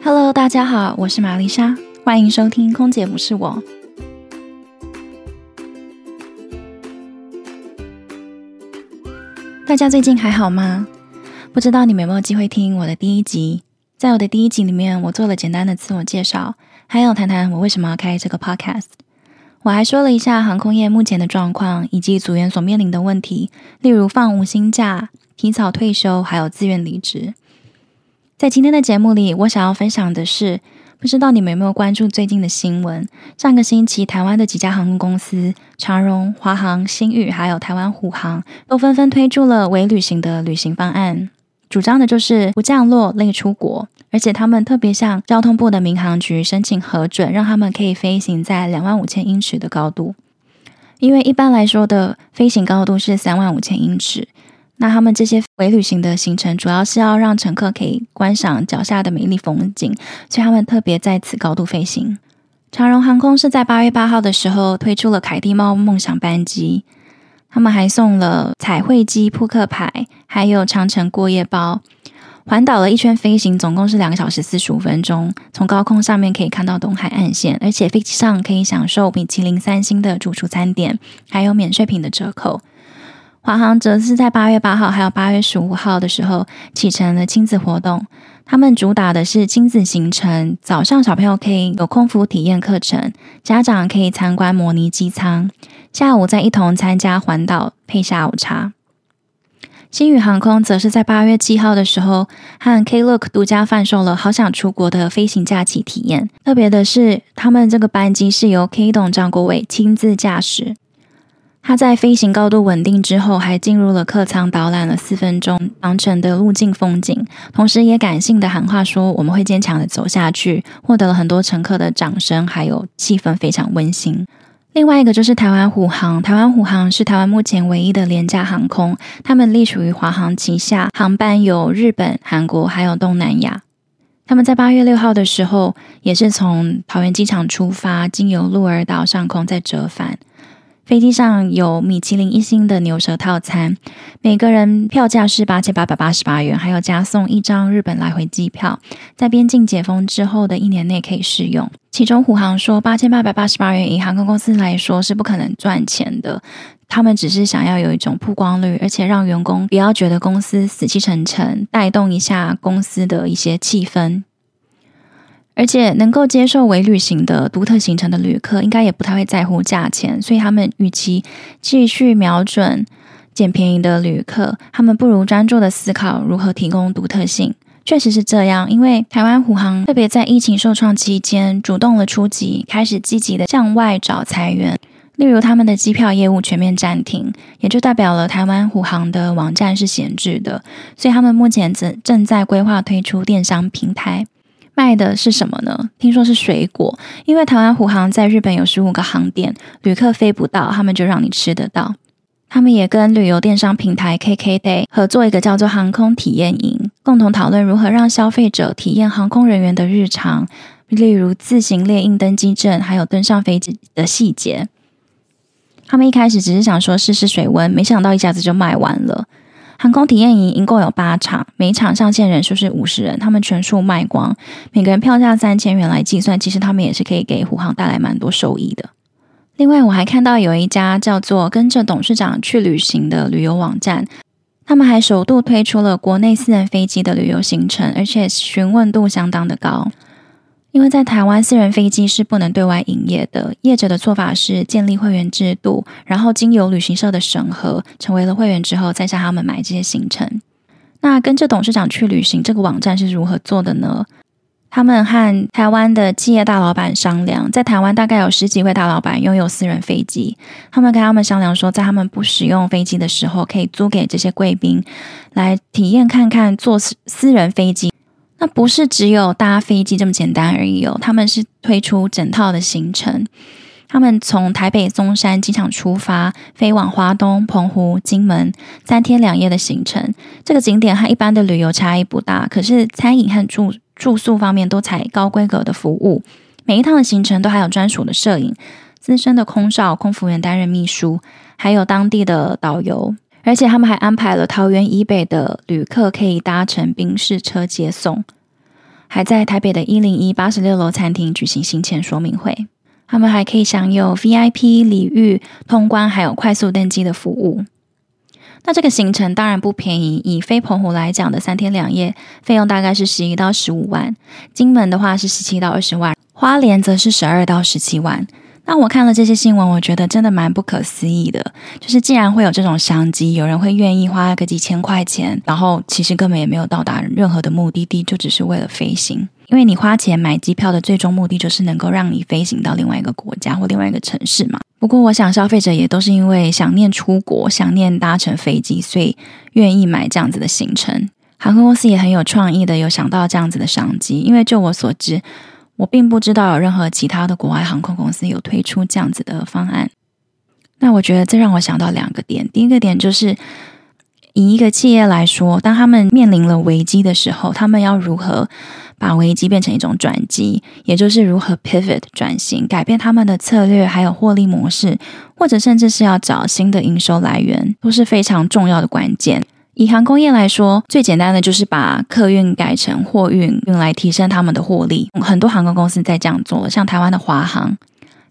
Hello，大家好，我是瑪麗莎，歡迎收聽《空姐不是我》。大家最近還好嗎？不知道你們有沒有機會聽我的第一集？在我的第一集裡面，我做了簡單的自我介紹，還有談談我為什麼要開這個 Podcast。我還說了一下航空業目前的狀況以及組員所面臨的問題，例如放無薪假、提早退休，還有自願離職。在今天的節目裡，我想要分享的是，不知道你們有沒有關注最近的新聞？上個星期，台灣的幾家航空公司，長榮、華航、星宇還有台灣虎航，都紛紛推出了“微旅行”的旅行方案，主張的就是不降落、類出國，而且他們特別向交通部的民航局申請核准，讓他們可以飛行在兩萬五千英尺的高度，因為一般來說的飛行高度是三萬五千英尺。那他們這些微旅行的行程，主要是要讓乘客可以觀賞腳下的美麗風景，所以他們特別在此高度飛行。長榮航空是在八月八號的時候推出了凱蒂貓夢想班機，他們還送了彩繪機、撲克牌，還有長程過夜包。環島了一圈飛行總共是兩個小時四十五分鐘，從高空上面可以看到東海岸線，而且飛機上可以享受米其林三星的主廚餐點，還有免稅品的折扣。華航則是在八月八號還有八月十五號的時候啟程了親子活動，他們主打的是親子行程，早上小朋友可以有空服體驗課程，家長可以參觀模擬機艙，下午再一同參加環島配下午茶。星宇航空則是在八月七號的時候和 Klook 獨家販售了“好想出國”的飛行假期體驗，特別的是，他們這個班機是由 K 董張國偉親自駕駛。他在飛行高度穩定之後，還進入了客艙，導覽了四分鐘航程的路徑風景，同時也感性的喊話說：“我們會堅強的走下去。”獲得了很多乘客的掌聲，還有氣氛非常溫馨。另外一個就是台灣虎航，台灣虎航是台灣目前唯一的廉價航空，他們隸屬於華航旗下，航班有日本、韓國還有東南亞。他們在八月六號的時候，也是從桃園機場出發，經由鹿兒島上空再折返。飛機上有米其林一星的牛舌套餐，每個人票價是八千八百八十八元，還有加送一張日本來回機票，在邊境解封之後的一年內可以適用。其中，虎航說八千八百八十八元，以航空公司來說是不可能賺錢的，他們只是想要有一種曝光率，而且讓員工不要覺得公司死氣沉沉，帶動一下公司的一些氣氛。而且能夠接受微旅行的獨特行程的旅客，應該也不太會在乎價錢，所以他們與其繼續瞄準撿便宜的旅客，他們不如專注的思考如何提供獨特性。確實是這樣，因為台灣虎航特別在疫情受創期間，主動了出擊，開始積極的向外找財源。例如，他們的機票業務全面暫停，也就代表了台灣虎航的網站是閒置的，所以他們目前正正在規劃推出電商平台。賣的是什麼呢？聽說是水果，因為台灣虎航在日本有十五個航點，旅客飛不到，他們就讓你吃得到。他們也跟旅遊電商平台 KKday 合作一個叫做航空體驗營，共同討論如何讓消費者體驗航空人員的日常，例如自行列印登機證，還有登上飛機的細節。他們一開始只是想說試試水溫，沒想到一下子就賣完了。航空體驗營一共有八場，每場上限人數是五十人，他們全數賣光，每個人票價三千元來計算，其實他們也是可以給虎航帶來蠻多收益的。另外，我還看到有一家叫做“跟着董事長去旅行”的旅遊網站，他們還首度推出了國內私人飛機的旅遊行程，而且詢問度相當的高。因為在台灣，私人飛機是不能對外營業的。業者的做法是建立會員制度，然後經由旅行社的審核，成為了會員之後，再向他們買這些行程。那跟着董事長去旅行，這個網站是如何做的呢？他們和台灣的企業大老板商量，在台灣大概有十幾位大老板擁有私人飛機，他們跟他們商量說，在他們不使用飛機的時候，可以租給這些貴賓來體驗看看坐私私人飛機。那不是只有搭飛機這麼簡單而已哦，他們是推出整套的行程，他們從台北松山機場出發，飛往花東、澎湖、金門，三天兩夜的行程。這個景點和一般的旅遊差異不大，可是餐飲和住住宿方面都採高規格的服務。每一趟的行程都還有專屬的攝影、資深的空少、空服員擔任秘書，還有當地的導遊。而且他們還安排了桃園以北的旅客，可以搭乘賓士車接送，還在台北的一零一八十六樓餐廳舉行行前說明會。他們還可以享有 VIP 禮遇、通關還有快速登機的服務。那這個行程當然不便宜，以飛澎湖來講的三天兩夜，費用大概是十一到十五萬，金門的話是十七到二十萬，花蓮則是十二到十七萬。那我看了這些新聞，我覺得真的蠻不可思議的。就是竟然會有這種商機，有人會願意花個幾千塊錢，然後其實根本也沒有到達任何的目的地，就只是為了飛行。因為你花錢買機票的最終目的，就是能夠讓你飛行到另外一個國家或另外一個城市嘛。不過，我想消費者也都是因為想念出國、想念搭乘飛機，所以願意買這樣子的行程。航空公司也很有創意的，有想到這樣子的商機。因為就我所知。我並不知道有任何其他的國外航空公司有推出這樣子的方案。那我覺得這讓我想到兩個點，第一個點就是，以一個企業來說，當他們面臨了危機的時候，他們要如何把危機變成一種轉機，也就是如何 pivot 轉型，改變他們的策略，還有獲利模式，或者甚至是要找新的營收來源，都是非常重要的關鍵。以航空業來說，最簡單的就是把客運改成貨運，用來提升他們的獲利。很多航空公司在這樣做了，像台灣的華航，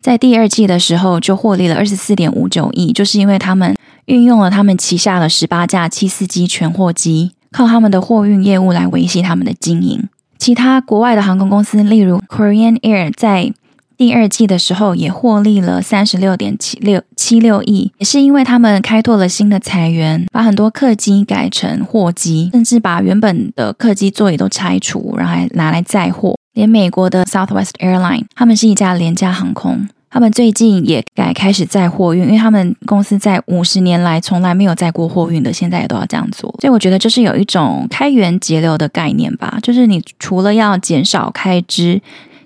在第二季的時候就獲利了二十四點五九億，就是因為他們運用了他們旗下的十八架七四七全貨機，靠他們的貨運業務來維繫他們的經營。其他國外的航空公司，例如 Korean Air，在第二季的時候也獲利了三十六點七六七六億，也是因為他們開拓了新的裁源，把很多客機改成貨機，甚至把原本的客機座椅都拆除，然後還拿來載貨。連美國的 Southwest a i r l i n e 他們是一家廉價航空，他們最近也改開始載貨運，因為他們公司在五十年來從來沒有載過貨運的，現在也都要這樣做。所以我覺得這是有一種開源節流的概念吧，就是你除了要減少開支。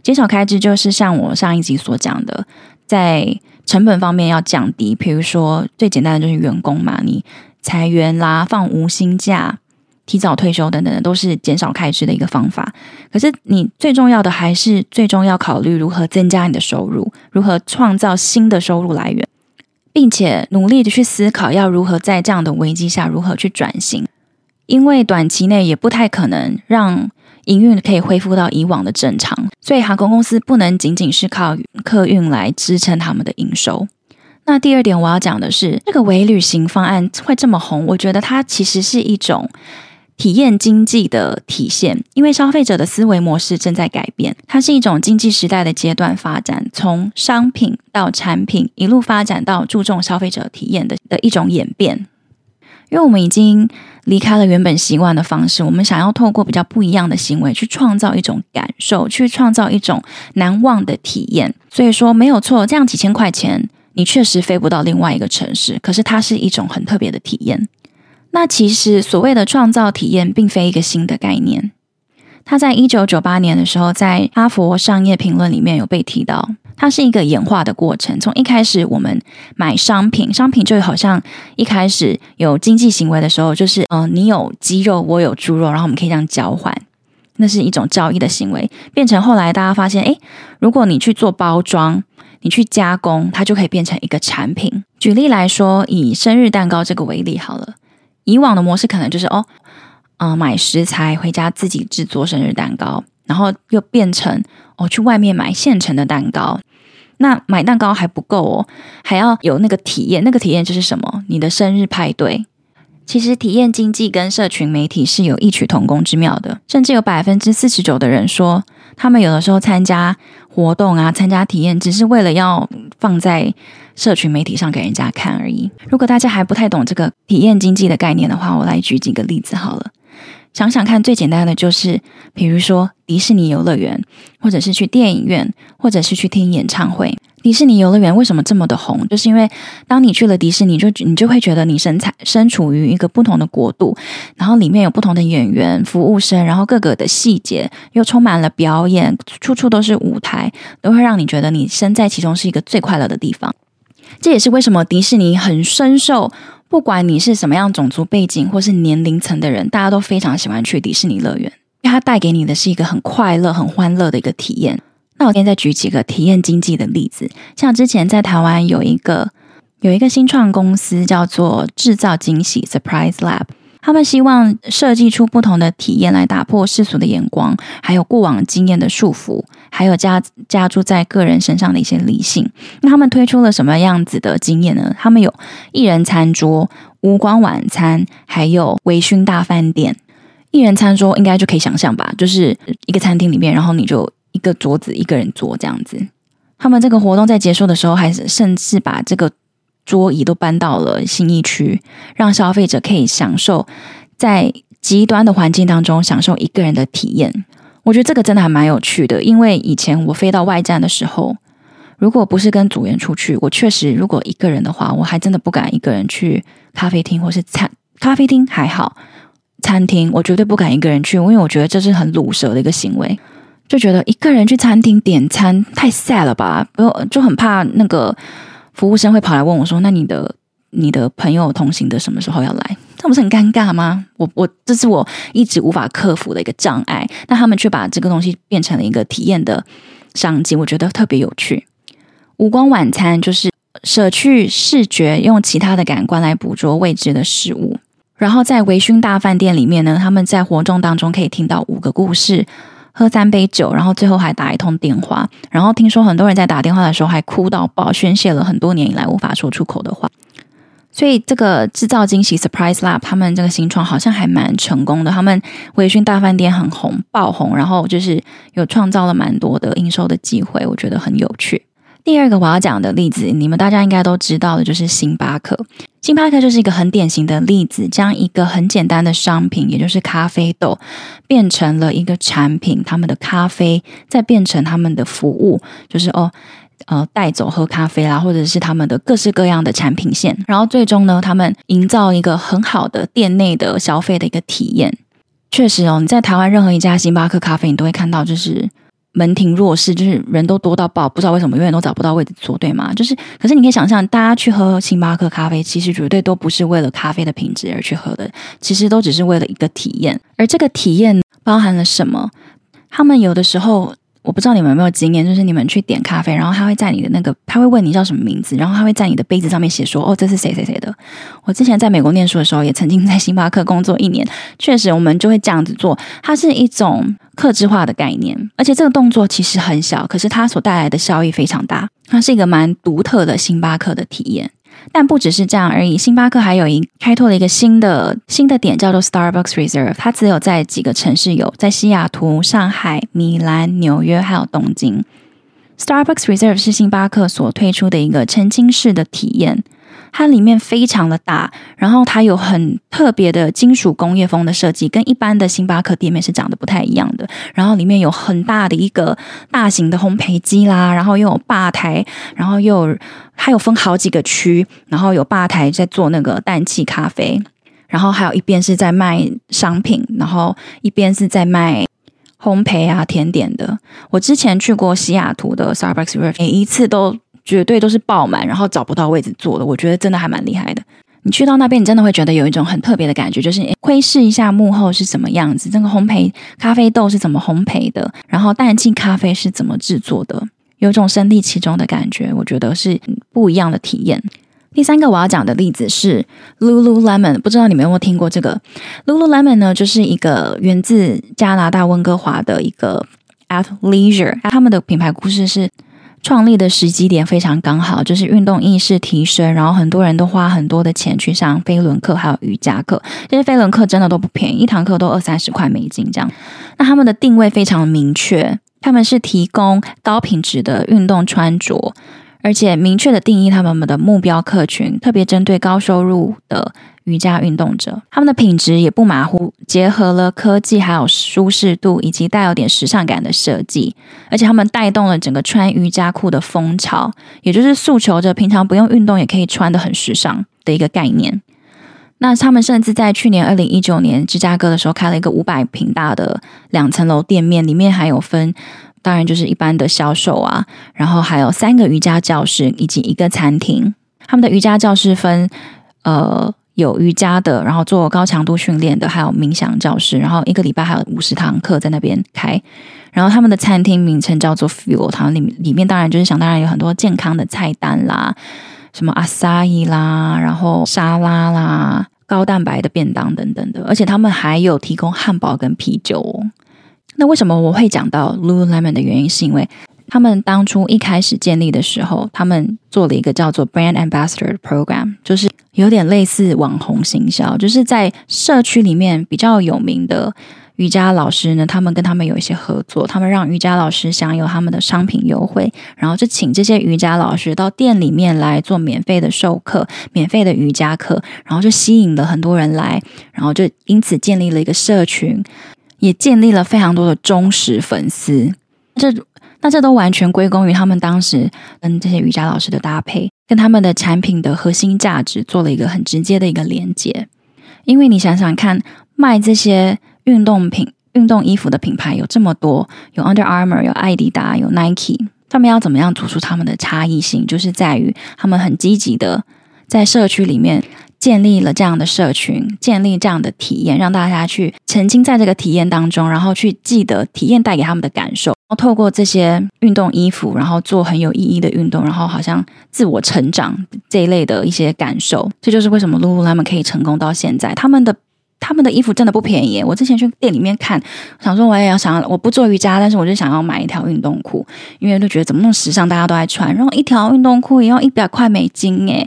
減少開支就是像我上一集所講的，在成本方面要降低。比如說最簡單的就是員工嘛，你裁員啦、放無薪假、提早退休等等的，都是減少開支的一個方法。可是你最重要的還是，最終要考慮如何增加你的收入，如何創造新的收入來源，並且努力的去思考要如何在這樣的危機下如何去轉型，因為短期內也不太可能讓。營運可以恢復到以往的正常，所以航空公司不能僅僅是靠客運來支撐他們的營收。那第二點我要講的是，這個微旅行方案會這麼紅，我覺得它其實是一種體驗經濟的體現，因為消費者的思維模式正在改變，它是一種經濟時代的階段發展，從商品到產品一路發展到注重消費者體驗的的一種演變，因為我們已經。離開了原本習慣的方式，我們想要透過比較不一樣的行為去創造一種感受，去創造一種難忘的體驗。所以說沒有錯，這樣幾千塊錢你確實飛不到另外一個城市，可是它是一種很特別的體驗。那其實所謂的創造體驗，並非一個新的概念，它在一九九八年的時候在《哈佛商業評論》裡面有被提到。它是一個演化的過程。從一開始，我們買商品，商品就好像一開始有經濟行為的時候，就是嗯、呃，你有雞肉，我有豬肉，然後我們可以這樣交換，那是一種交易的行為。變成後來大家發現，誒，如果你去做包裝，你去加工，它就可以變成一個產品。舉例來說，以生日蛋糕這個為例好了，以往的模式可能就是哦，呃，買食材回家自己制作生日蛋糕。然後又變成哦，去外面買現成的蛋糕。那買蛋糕還不夠哦，還要有那個體驗。那個體驗就是什麼？你的生日派對。其實體驗經濟跟社群媒體是有異曲同工之妙的。甚至有百分之四十九的人說，他們有的時候參加活動啊，參加體驗，只是為了要放在社群媒體上給人家看而已。如果大家還不太懂這個體驗經濟的概念的話，我來舉幾個例子好了。想想看，最簡單的就是，比如說迪士尼遊樂園，或者是去電影院，或者是去聽演唱會。迪士尼遊樂園為什麼這麼的紅？就是因為當你去了迪士尼就，就你就會覺得你身材身處於一個不同的國度，然後裡面有不同的演員、服務生，然後各個的細節又充滿了表演，處處都是舞台，都會讓你覺得你身在其中是一個最快樂的地方。這也是為什麼迪士尼很深受。不管你是什麼樣種族背景或是年齡層的人，大家都非常喜歡去迪士尼樂園，因為它帶給你的是一個很快樂、很歡樂的一個體驗。那我今天再舉幾個體驗經濟的例子，像之前在台灣有一個有一個新創公司叫做製造驚喜 （Surprise Lab）。他們希望設計出不同的體驗來打破世俗的眼光，還有過往經驗的束縛，還有加加註在個人身上的一些理性。那他們推出了什麼樣子的經驗呢？他們有一人餐桌、無光晚餐，還有微醺大飯店。一人餐桌應該就可以想象吧，就是一個餐廳裡面，然後你就一個桌子一個人坐這樣子。他們這個活動在結束的時候，還是甚至把這個。桌椅都搬到了信義區，讓消費者可以享受在極端的環境當中享受一個人的體驗。我覺得這個真的還蠻有趣的，因為以前我飛到外站的時候，如果不是跟組員出去，我確實如果一個人的話，我還真的不敢一個人去咖啡廳或是，餐咖啡廳還好，餐廳我絕對不敢一個人去，因為我覺得這是很魯蛇的一個行為，就覺得一個人去餐廳點餐太 sad 了吧，不用就很怕那個。服務生會跑來問我說：“那你的你的朋友同行的什麼時候要來？”這不是很尷尬嗎？我我這是我一直無法克服的一個障礙。那他們卻把這個東西變成了一個體驗的商機，我覺得特別有趣。無光晚餐就是舍去視覺，用其他的感官來捕捉未知的事物。然後在微醺大飯店裡面呢，他們在活動當中可以聽到五個故事。喝三杯酒，然後最後還打一通電話，然後聽說很多人在打電話的時候還哭到爆，宣洩了很多年以來無法說出口的話。所以這個製造驚喜 （Surprise Lab） 他們這個新創好像還蠻成功的，他們微醺大飯店很紅爆紅，然後就是有創造了蠻多的營收的機會，我覺得很有趣。第二個我要講的例子，你們大家應該都知道的，就是星巴克。星巴克就是一個很典型的例子，將一個很簡單的商品，也就是咖啡豆，變成了一個產品，他們的咖啡，再變成他們的服務，就是哦，呃，帶走喝咖啡啦，或者是他們的各式各樣的產品線，然後最終呢，他們營造一個很好的店內的消費的一個體驗。確實哦，你在台灣任何一家星巴克咖啡，你都會看到，就是。門庭若市，就是人都多到爆，不知道為什麼永遠都找不到位置坐，對嗎？就是，可是你可以想象，大家去喝星巴克咖啡，其實絕對都不是為了咖啡的品質而去喝的，其實都只是為了一個體驗。而這個體驗包含了什麼？他們有的時候，我不知道你們有沒有經驗，就是你們去點咖啡，然後他會在你的那個，他會問你叫什麼名字，然後他會在你的杯子上面寫說：“哦，這是誰誰誰的。”我之前在美國念書的時候，也曾經在星巴克工作一年，確實我們就會這樣子做，它是一種。客製化的概念，而且這個動作其實很小，可是它所帶來的效益非常大。它是一個蠻獨特的星巴克的體驗，但不只是這樣而已。星巴克還有一開拓了一個新的新的點，叫做 Starbucks Reserve，它只有在幾個城市有，在西雅圖、上海、米蘭、紐約還有東京。Starbucks Reserve 是星巴克所推出的一個沉浸式的體驗。它裡面非常的大，然後它有很特別的金屬工業風的設計，跟一般的星巴克店面是長得不太一樣的。然後裡面有很大的一個大型的烘焙機啦，然後又有吧台，然後又有還有分好幾個區，然後有吧台在做那個氮氣咖啡，然後還有一邊是在賣商品，然後一邊是在賣烘焙啊甜點的。我之前去過西雅圖的 Starbucks Reserve，每一次都。絕對都是爆滿，然後找不到位置坐的。我覺得真的還蠻厲害的。你去到那邊，你真的會覺得有一種很特別的感覺，就是窺視一下幕後是什麼樣子，那、這個烘焙咖啡豆是怎麼烘焙的，然後淡季咖啡是怎麼製作的，有一種身歷其中的感覺。我覺得是不一樣的體驗。第三個我要講的例子是 lululemon，不知道你們有沒有聽過這個 lululemon 呢？就是一個源自加拿大溫哥華的一個 athleisure，他們的品牌故事是。創立的時機點非常剛好，就是運動意識提升，然後很多人都花很多的錢去上飛輪課，還有瑜伽課。這些飛輪課真的都不便宜，一堂課都二三十塊美金這樣。那他們的定位非常明確，他們是提供高品質的運動穿着，而且明確的定義他們們的目標客群，特別針對高收入的瑜伽運動者，他們的品質也不馬虎，結合了科技，還有舒適度，以及帶有點時尚感的設計。而且他們帶動了整個穿瑜伽褲的風潮，也就是訴求着平常不用運動也可以穿得很時尚的一個概念。那他們甚至在去年二零一九年芝加哥的時候開了一個五百平大的兩層樓店面，裡面還有分，當然就是一般的銷售啊，然後還有三個瑜伽教室以及一個餐廳。他們的瑜伽教室分，呃。有瑜伽的，然後做高強度訓練的，還有冥想教室。然後一個禮拜還有五十堂課在那邊開。然後他們的餐廳名稱叫做 Fuel 堂，裡裡面當然就是想當然有很多健康的菜單啦，什麼阿薩伊啦，然後沙拉啦，高蛋白的便當等等的。而且他們還有提供漢堡跟啤酒。那為什麼我會講到 Lululemon 的原因，是因為他們當初一開始建立的時候，他們做了一個叫做 Brand Ambassador Program，就是。有點類似網紅行銷，就是在社區裡面比較有名的瑜伽老師呢，他們跟他們有一些合作，他們讓瑜伽老師享有他們的商品優惠，然後就請這些瑜伽老師到店裡面來做免費的授課、免費的瑜伽課，然後就吸引了很多人來，然後就因此建立了一個社群，也建立了非常多的忠實粉絲。這那這都完全歸功於他們當時跟這些瑜伽老師的搭配，跟他們的產品的核心價值做了一個很直接的一個連接。因為你想想看，賣這些運動品、運動衣服的品牌有這麼多，有 Under Armour，有艾迪達，有 Nike，他們要怎麼樣突出他們的差異性？就是在於他們很積極的在社區裡面。建立了這樣的社群，建立這樣的體驗，讓大家去沉浸在這個體驗當中，然後去記得體驗帶給他們的感受。然後透過這些運動衣服，然後做很有意義的運動，然後好像自我成長這一類的一些感受，這就是為什麼露露他們可以成功到現在。他們的他們的衣服真的不便宜，我之前去店裡面看，想說我也要想要，我不做瑜伽，但是我就想要買一條運動褲，因為就覺得怎麼那麼時尚，大家都愛穿，然後一條運動褲也要一百塊美金誒。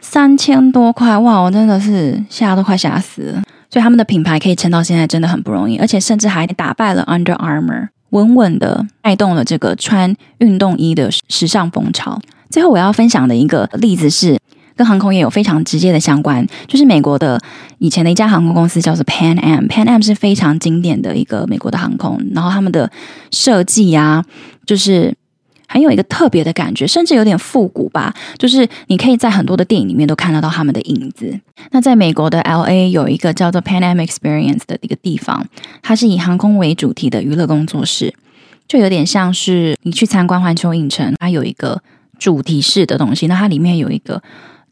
三千多塊哇！我真的是嚇都快嚇死了。所以他們的品牌可以撐到現在真的很不容易，而且甚至還打敗了 Under Armour，穩穩的帶動了這個穿運動衣的時尚風潮。最後我要分享的一個例子是，跟航空業有非常直接的相關，就是美國的以前的一家航空公司叫做 Pan Am，Pan Am 是非常經典的一個美國的航空，然後他們的設計啊，就是。還有一個特別的感覺，甚至有點復古吧，就是你可以在很多的電影裡面都看得到到他們的影子。那在美國的 LA 有一個叫做 Pan Am Experience 的一個地方，它是以航空為主題的娛樂工作室，就有點像是你去參觀環球影城，它有一個主題式的東西。那它裡面有一個。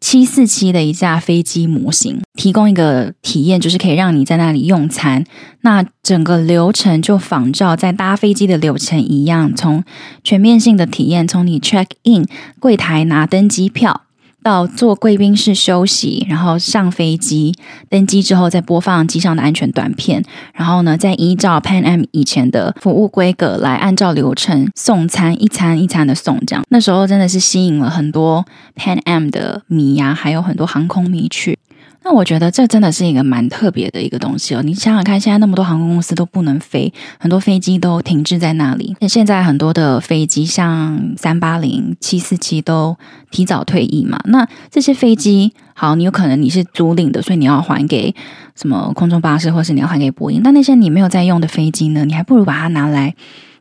七四七的一架飛機模型，提供一個體驗，就是可以讓你在那裡用餐。那整個流程就仿照在搭飛機的流程一樣，從全面性的體驗，從你 check in 櫃檯拿登機票。到坐貴賓室休息，然後上飛機，登機之後再播放機上的安全短片，然後呢，再依照 Pan Am 以前的服務規格來按照流程送餐，一餐一餐的送，這樣那時候真的是吸引了很多 Pan Am 的迷呀、啊，還有很多航空迷去。那我覺得這真的是一個蠻特別的一個東西哦。你想想看，現在那麼多航空公司都不能飛，很多飛機都停滯在那裡。那現在很多的飛機，像380、747都提早退役嘛。那這些飛機，好，你有可能你是租賃的，所以你要還給什麼空中巴士，或是你要還給波音。但那些你沒有在用的飛機呢，你還不如把它拿來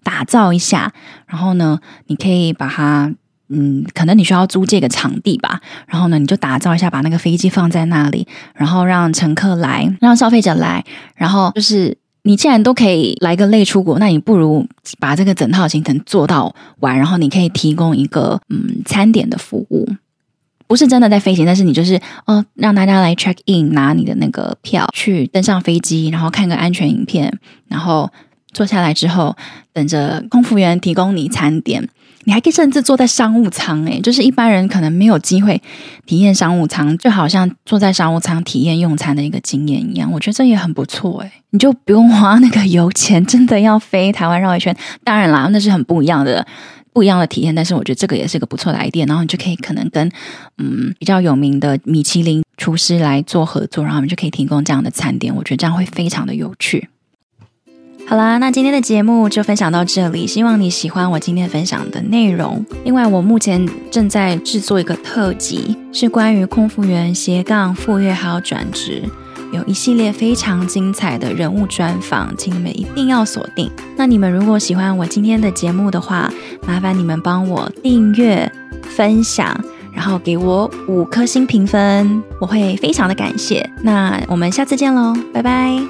打造一下，然後呢，你可以把它。嗯，可能你需要租借個場地吧，然後呢，你就打造一下，把那個飛機放在那裡，然後讓乘客來，讓消費者來，然後就是你既然都可以來個類出國，那你不如把這個整套行程做到完，然後你可以提供一個嗯餐點的服務，不是真的在飛行，但是你就是哦讓大家來 check in 拿你的那個票去登上飛機，然後看個安全影片，然後坐下來之後等着空服員提供你餐點。你還可以甚至坐在商務艙誒，就是一般人可能沒有機會體驗商務艙，就好像坐在商務艙體驗用餐的一個經驗一樣，我覺得這也很不錯誒，你就不用花那個油錢，真的要飛台灣繞一圈，當然啦，那是很不一樣的不一樣的體驗。但是我覺得這個也是一個不錯的 idea，然後你就可以可能跟嗯比較有名的米其林廚師來做合作，然後我們就可以提供這樣的餐點。我覺得這樣會非常的有趣。好啦，那今天的節目就分享到這裡，希望你喜歡我今天分享的內容。另外，我目前正在製作一個特輯，是關於空服員、斜槓副業還有轉職，有一系列非常精彩的人物專訪，請你們一定要鎖定。那你們如果喜歡我今天的節目的話，麻煩你們幫我訂閱、分享，然後給我五顆星評分，我會非常的感謝。那我們下次見嘍，拜拜。